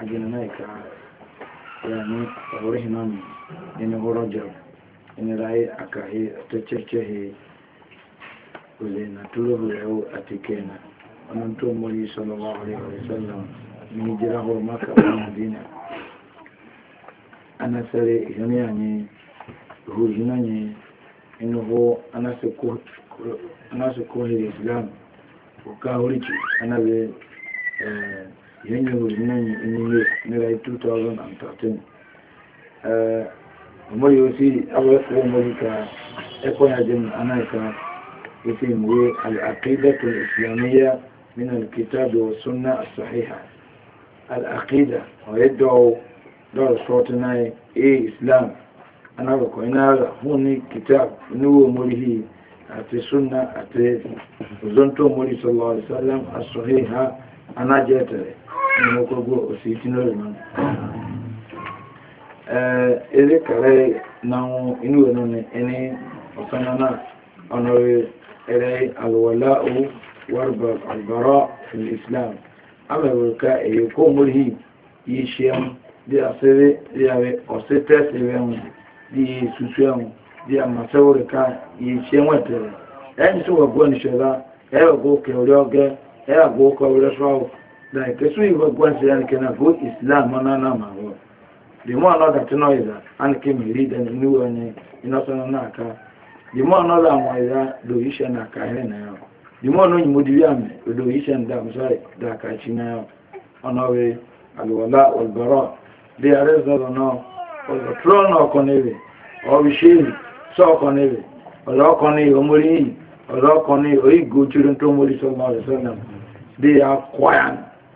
ajinanaika yani orihinan ini horojo ini rai akahi atocecehi ulena tulohulehu atikena onon to mori sallallahu alaihi wasallam ni jira horo maka wa madina anasere ihoni anyi ruhina anyi inu ho anase kohiri When he was in India, 2013, Omori Osi, Awo Omorika, العقيدة الإسلامية من الكتاب والسنة الصحيحة العقيدة ويدعو دار صوتنا إيه إسلام أنا أقول إن هذا هو كتاب نو مريه أتي السنة أتي وزنتو مري صلى الله عليه وسلم الصحيحة أنا جاتري ní gbogbo òsì tí lórí náà na kàrẹ́ náà inú ìwé náà ẹni ọ̀sán náà ọ̀nà ẹ̀rẹ́ alùwàlá owó wàrùbà àgbàrọ̀ ìlú islam amẹ̀wòrìká èyí kó mórí yìí yìí ṣe asiri dị àṣírí bí àwẹ̀ ọ̀sẹ̀ tẹ́sí ẹ̀hún bí ìṣùṣù ẹ̀hún bí àmàṣẹ́wòrìká yìí ṣe ẹ̀wọ̀n tẹ̀rẹ̀ ẹ̀yìn tí wọ́n gbọ́ níṣẹ́lá gbọ́ gbọ́ like esu iwe gwansi ya nke na go islam na ma wo the more another tuno is an uh, and lead and new one in us aka the more another one ya do na ka he na more no nyimodi ya me do isha nda i'm sorry da ka chi na yo ono we alwala wal bara they so omori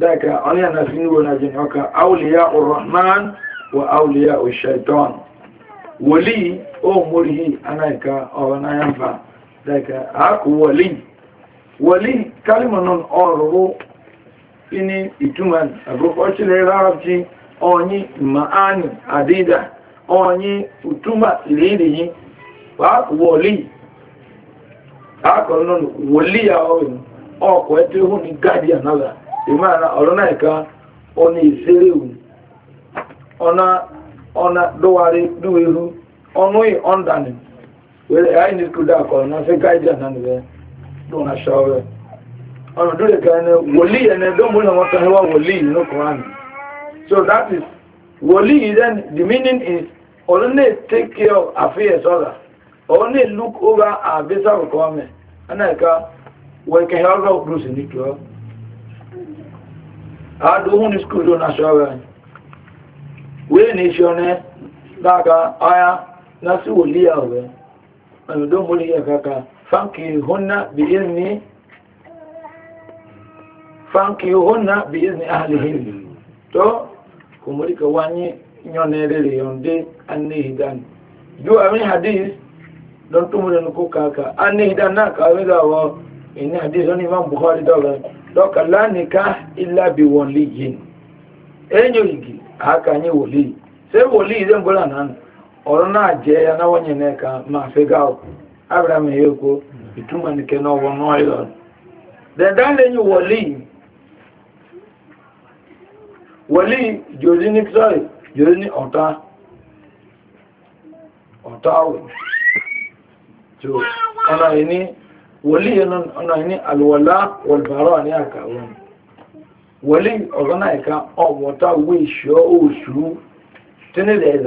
ذاك علينا نسمي ونجن وكا أولياء الرحمن وأولياء الشيطان ولي أمره أناك أغنى ينفع ذاك أكو ولي ولي كلمة نون أورو إني إتمان أبوك أشلي رابتي أني معاني عديدة أني أتما إليه وأكو ولي أكو نون ولي أوين أكو أتوه ني guardian الله ìmára ọ̀rọ̀ náà ẹ̀ka ọ̀nà ọ̀nà ọ̀nà dọ́wárí ọ̀nà ìọ̀ndàní wẹ́rẹ́ ẹ̀yà ìní fẹ́ gáìdì ànánìwẹ́ lóun aṣọ rẹ̀ ọ̀nà dúró kan ní wòlíì ẹ̀nẹ́ wọ́n tán wá wòlíì nínú koran so that is wòlíì then the meaning is ọ̀nà take care of affairs ọ̀la ọ̀nà look over our visa requirement ẹ̀nà ẹ̀ka wọ́n kẹ́hìn ọ̀rọ̀ gúúsù nítorí adùnhùn ní skúlù nàṣọ́rẹ̀ wéè ní ṣọ́ ní lága aya wòlíyà ọ̀rẹ́ ọ̀dọ́ múlíyà kaka fáǹkì húnná bí i ní fáǹkì tó wá ní yọ́nà yọ̀ndé àmì hadith tó múlẹ̀ nukú kaka náà dọ́kà lánìká ìlàbí wọlé yìí enyo igi àákànyẹ wòlé yìí ṣé wòlé yìí ló na gbọ́dọ̀ náà na náà jẹ́ na yẹn náà kan máa fẹ́ gá o abraham yìí kó ìtumọ̀ nìkẹ́ náà wọ de yọ. dẹ̀dá lẹ́yìn wòlé wòlíì ọ̀nà ní àlùwọ̀lá wọ̀lùbárọ̀ ní àkàwọ̀ wòlíì ọ̀gọ́nà ẹ̀ka ọ̀wọ̀ta owó ìṣọ́ òṣù tí